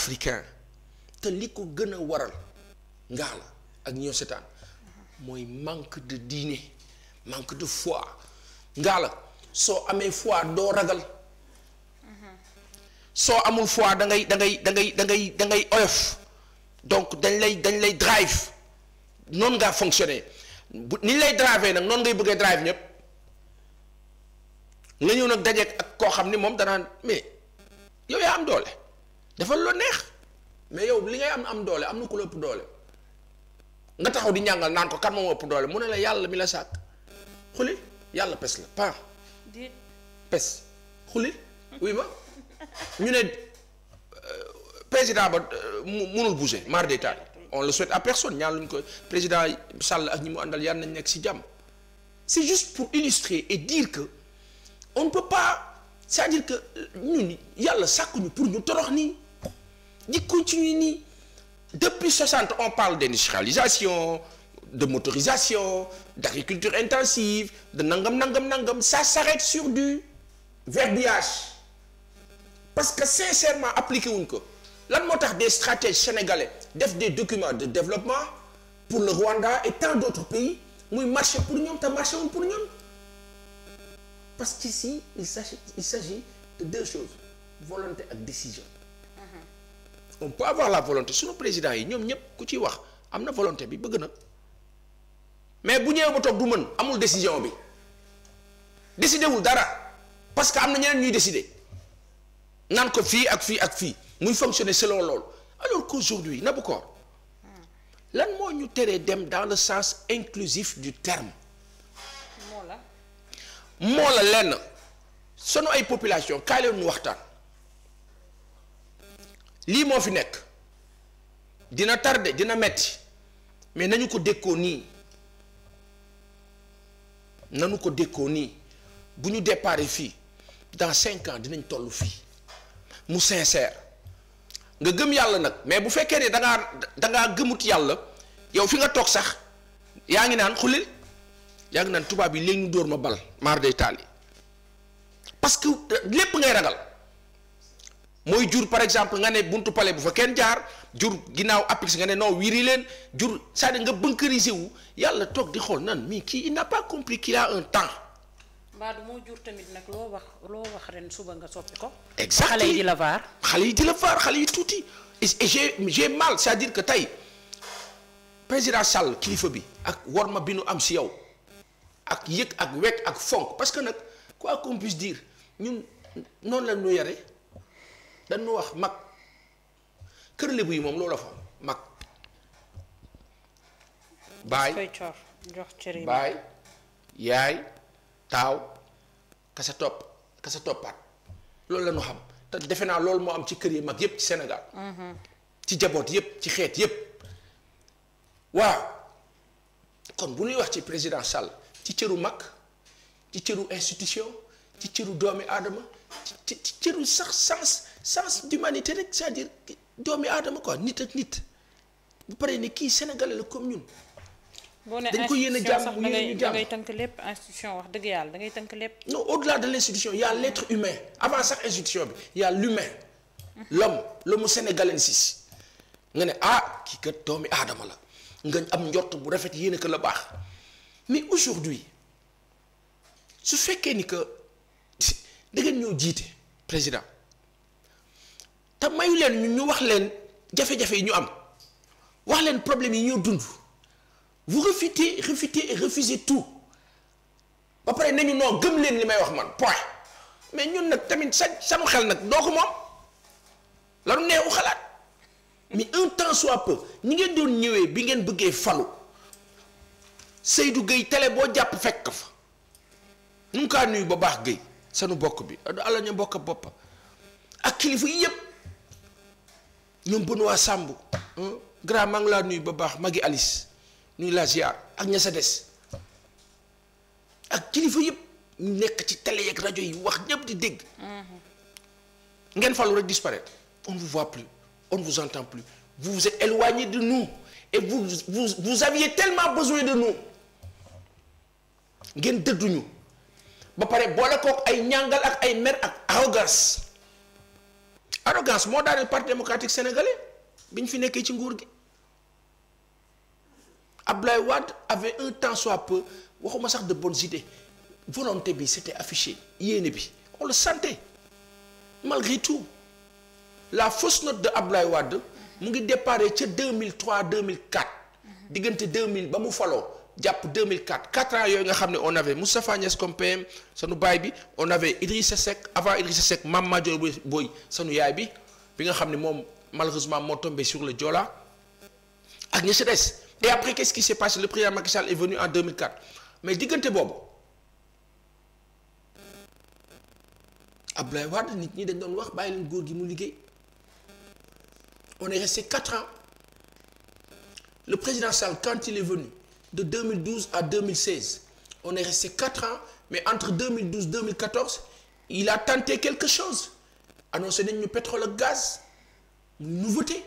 africain te li ko gën a waral ngaa la ak ñoo setaan mooy manque de diine manque de foi ngaa la soo amee foi doo ragal soo amul foi da ngay dangay ngay ngay da ngay oyof donc dañ lay dañ lay drive noon ngaa fonctionner bu ni lay driver nag noonu ngay bëggee drive ñëpp nga ñëw nag dajeeg ak koo xam ni moom danaa mais yow yaa am doole dafa loo neex mais yow li ngay am am doole am na ku la ëpp doole nga taxaw di ñàngal naan ko kan moom ëpp doole mu ne la yàlla mi la sàkk xuli yàlla pes la pa pes xuli wuy ma ñu ne euh, président ba euh, mënul bouger marre des taal on le souhaite à personne ñaan luñ ko président Sall ak ñi mu àndal yàlla nañ nekk si jàmm c'est juste pour illustrer et dire que on ne peut pas cest dire que euh, ñun yàlla sàkkuñu pour ñu torox nii di continuer nii depuis 60 on parle d'industrialisation de motorisation d'agriculture intensive de nangam nangam nangam ça s'arrête sur du verbiage parce que sincèrement appliqué wuñ ko lan moo tax des stratèges sénégalais def des documents de développement pour le Rwanda et tant d'autres pays muy marché pour ñoom te marché wuñ pour ñoom parce qu'ici il s'agit il s'agit de deux choses volonté ak décision on peut avoir la volonté suñu président yi ñoom ñëpp ku ciy wax am na volonté bi bëgg na mais bu ñëwee ba toog du mën amul décision bi décidé wul dara parce que am na ñeneen ñuy décider naan ko fii ak fii ak fii muy fonctionner selon loolu alors qu'aujourd'hui Naboucor lan moo ñu teree dem dans le sens inclusif du terme. moo la lenn sunu ay population kaay leen ñu waxtaan. lii moo fi nekk dina tarde dina metti mais nañu ko dékkoo nii nañu ko dékkoo nii bu ñu déparé fii dans cinq ans dinañ toll fii mu sincère nga gëm yàlla nag mais bu fekkee ne da dangaa da ngaa gëmut yàlla yow fi nga toog sax yaa ngi naan xulil yaa ngi naan tubaab yi léegi ñu dóor ma bal maar day taali parce que lépp ngay ragal. mooy jur par exemple nga ne buntu palais bu fa kenn jaar jur ginnaaw apix nga ne non wiri leen jur c'est-à-dire nga bunkeriser wu yàlla toog di xool nan mii kii il n'a pas compris un temps. Mbadou moo jur tamit nag loo wax loo wax ren suba nga soppi ko. exactement xale yi di la xale yi di la vaar xale yi tuuti et j'ai j'ai mal cest dire que tey président Sall kilifa bi ak worma bi nu am si yow ak yëg ak wekk ak fonk parce que nag quoi qu'on puisse dire ñun noonu la ñu dañ ma wax mag kër Lebu yi moom loola fa mag. baay baay yaay taaw kasa topp kasa toppaat loolu la ñu xam te defe naa loolu moo am ci kër yi mag yépp ci Sénégal. Mhm. ci jaboot yépp ci xeet yépp waaw kon bu ñuy wax ci président Sall ci cëru mag ci cëru institution. ci cëru doomi aadama ci ci cëru sax sens sens d'humanité rek c'est-à-dire doomi aadama quoi nit ak nit bu paree ni kii sénégalais la comme ñun. dañ ko yéen a jàmm sax da ngay da ngay tënk lépp institution wax dëgg yàlla da ngay tënk lépp. non au-delà de l'institution y a l'être humain avant sax institution bi y a l'humain. l'homme l'homme sénégalensis nga ne ah kii kat doomi aadama la nga am njort bu rafet yéen a la baax mais aujourd'hui su fekkee ni que. da ngeen ñoo jiite président te mayu leen ñu ñu wax leen jafe-jafe yi ñu am wax leen problème yi ñoo dund vous refutez refutez et refusez tout ba pare nañu noo gëm leen li may wax man point mais ñun nag tamit sa sanu xel nag doo ko moom lanu neexu xalaat mais un temps soit peu ñi ngeen doon ñëwee bi ngeen bëggee falu Seydou Gueye télé boo jàpp fekk fa nu kaa nuyu ba baax Gueye sanu bokk bi ala ñu bokk bopp ak kilifa yëpp ñoom Benoît Sambou grand maa ngi laa nuyu ba baax magi Alice nuyu laa ak ña sa des ak kilifa yëpp nekk ci télé yeeg rajo yi wax ñëpp di dégg. Mm-hmm. ngeen falu rek disparaître on ne vous voit plus on vous entend plus vous vous êtes éloigné de et vous vous vous aviez tellement besoin de nous ngeen dëdduñu. ba pare boole kook ay ñàngal ak ay mer ak arrogance arrogance moo daaneel parti démocratique sénégalais bi ñu fi nekkee ci nguur gi Abdoulaye Wade avait un temps soit peu waxuma sax de bonnes idées volonté bi c'était affiché yéene bi on le sentait malgré tout la fausse note de Abdoulaye wadd mu ngi dépare ca mille 2004 diggante deux mille ba mu faloo jàpp 2004 4 ans yooyu nga xam ne on avait Moustapha Niass comme PM sanu baay bi on avait Idrissa Seck avant Idrissa Seck Mame Madior Boye sanu yaay bi bi nga xam ne moom malheureusement moo tombé sur le Joola ak ña si des et après qu'est-ce qui s'est passé le président Macky Sall est venu en 2004 mais diggante boobu Abdoulaye Wade nit ñi dañ doon wax bàyyi leen góor gi mu liggéey on est resté 4 ans le président Sall quand il venu. de 2012 à 2016. On est resté 4 ans, mais entre 2012 et 2014, il a tenté quelque chose. Annoncé nañ ñu pétrole gaz nouveauté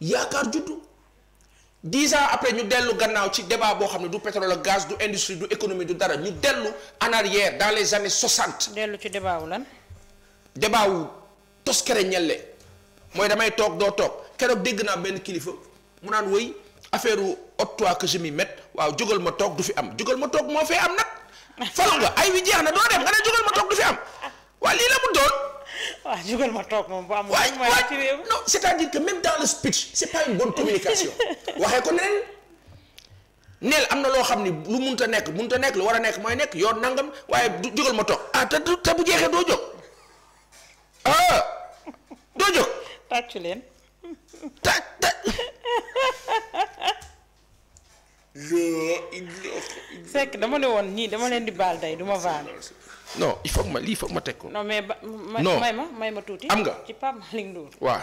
yaakaar juddu 10 ans après ñu dellu gannaaw ci débat boo xam ne du pétrole gaz du industrie du économie du dara ñu dellu en arrière dans les années 60. dellu ci débat wu lan. débat wu toskere ñelle mooy damay toog doo toog keroog dégg naa benn kilifa mu naan wëy. affaire u toi que je waaw jógal ma toog du fi am jógal ma toog moo fee am nag fal nga ay wi jeex na doo dem nga ne jógal ma toog du fi am waa lii la mu doon. toog moom bu am. non c'est-à-dire ko neen neel am na loo xam ni lu mënut a nekk mënut a nekk lu war a nekk mooy nekk yoon nangam waaye du jógal ma toog ah te bu jeexee doo jóg ah, doo jóg. tàccu leen. Seck dama ne woon nii dama leen di baal tey du ma baal. non il faut ma lii foog ma teg ko. non mais ba may ma may ma tuuti. am nga ci Pape Malick Ndour. waaw.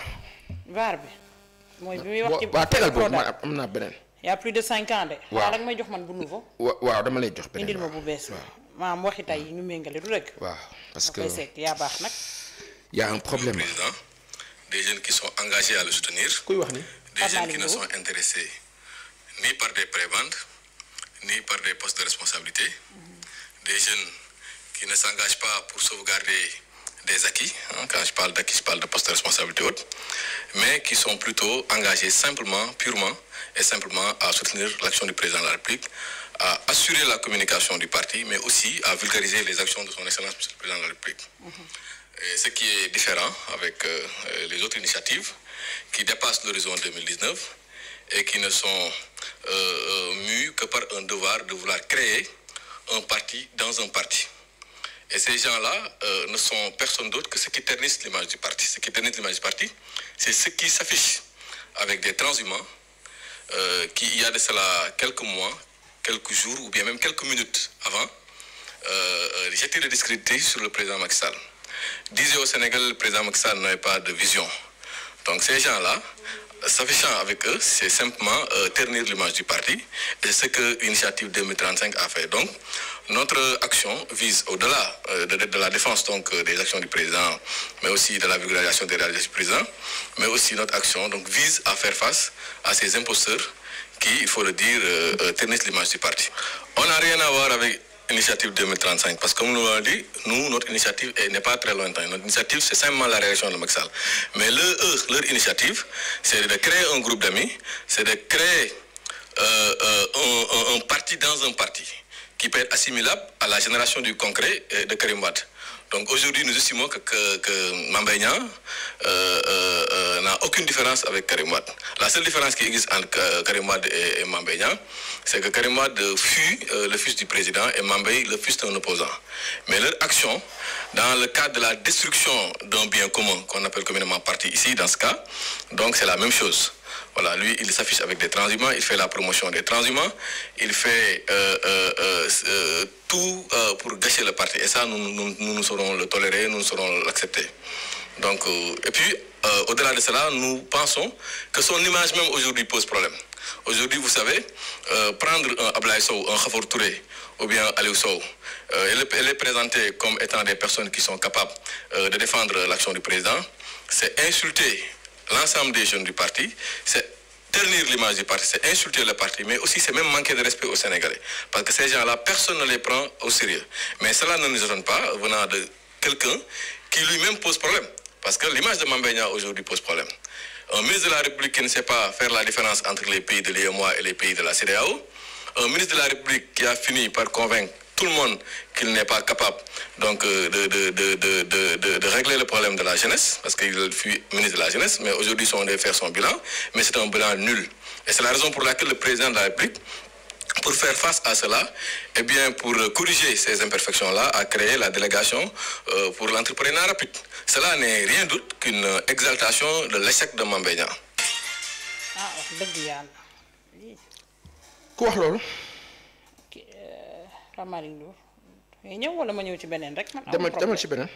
vaar bi. mooy bi muy wax ci waaw tegal boobu man am naa beneen. y plus de cinq ans de. waaw xaaral may jox man bu nouveau. waa dama lay jox beneen ma bu bees. waaw maam waxi tey ñu mengale du rek. waa parce que Seck yaa baax nag. y a problème. président des jeunes qui sont engagés à soutenir. kuy wax ni. des jeunes qui ne sont intéressés. ni par des prébendes, ni par des postes de responsabilité, mm-hmm. des jeunes qui ne s'engagent pas pour sauvegarder des acquis. Hein, quand je parle d'acquis, je parle de postes de responsabilité haute, mais qui sont plutôt engagés simplement, purement à soutenir de la République, à assurer la communication du parti, mais aussi à vulgariser les actions de son Excellence, Monsieur le Président de la République. Mm -hmm. différent avec euh, les autres initiatives qui dépassent l'horizon 2019 et qui ne sont Euh, euh, mu que par un devoir de vouloir créer un parti dans un parti. Et ces gens-là euh, ne sont personne d'autre que ceux qui ternissent l'image du parti. Ceux qui ternissent parti, c'est ceux qui s'affichent avec des transhumants euh, qui, il y a de cela quelques mois, quelques jours ou bien même quelques minutes avant, euh, euh jetaient le discrédit sur le président Macky Sall. Disait au Sénégal, le président Macky Sall pas de vision. Donc ces gens-là s'affichant avec eux, c'est simplement euh, ternir l'image du parti. Et c'est ce que l'initiative 2035 a fait. Donc, notre action au-delà euh, de, de, la défense donc, euh, des actions du président, mais aussi de la vulgarisation des réalités du président, mais aussi notre action donc, à faire face à ces imposteurs qui, il le dire, euh, euh, ternissent l'image du parti. initiative 2035 parce que comme nous l'avons dit, nous, notre initiative n'est pas très lointaine. Notre initiative, c'est simplement la réaction de Maxal. Mais leur, eux, leur initiative, c'est de créer un groupe d'amis, c'est de créer euh, euh un, parti dans un parti qui peut être assimilable à la génération du concret de Karim Wade. Donc aujourd'hui, nous estimons que, que, euh, euh, euh, n'a aucune différence avec Karim La seule différence qui existe entre Karim et, et c'est que Karim fut le fils du président et Mambé le fils d'un opposant. Mais leur action, dans le cadre de la destruction d'un bien commun qu'on appelle communément parti ici, dans ce cas, donc c'est la même chose. Voilà, lui, il s'affiche avec des transhumants, il fait la promotion des transhumants, il fait euh, euh, euh, euh tout euh, pour gâcher le parti. Et ça, nous, nous, nous, saurons le tolérer, nous saurons l'accepter. Donc, et puis, au-delà de cela, nous pensons que son image même aujourd'hui pose problème. Aujourd'hui, vous savez, prendre un est présentée comme étant des personnes qui sont capables de défendre l'action du président. C'est insulter l'ensemble des jeunes du parti, c'est ternir l'image du parti, c'est insulter le parti, mais aussi c'est même manquer de respect aux Sénégalais. Parce que ces gens-là, personne ne les prend au sérieux. Mais cela ne nous étonne pas venant de quelqu'un qui lui-même pose problème. Parce que l'image de Mambéna aujourd'hui pose problème. Un ministre de la République qui ne sait pas faire la différence entre les pays de l'UEMOA et les pays de la CDAO, un ministre tout le monde qu'il n'est pas capable donc euh, de de de de de de régler le problème de la jeunesse parce qu'il fut ministre de la jeunesse mais aujourd'hui on doit faire son bilan mais c'est un bilan nul et c'est la raison pour laquelle le président de la République pour faire face à cela et eh bien pour corriger ces imperfections là a créé la délégation euh, pour l'entrepreneuriat rapide cela n'est rien d'autre qu'une exaltation de l'échec de Mame Pape Malick Ndour eh, ñëw wala ma ñëw ci beneen rek. man demal demal ci beneen.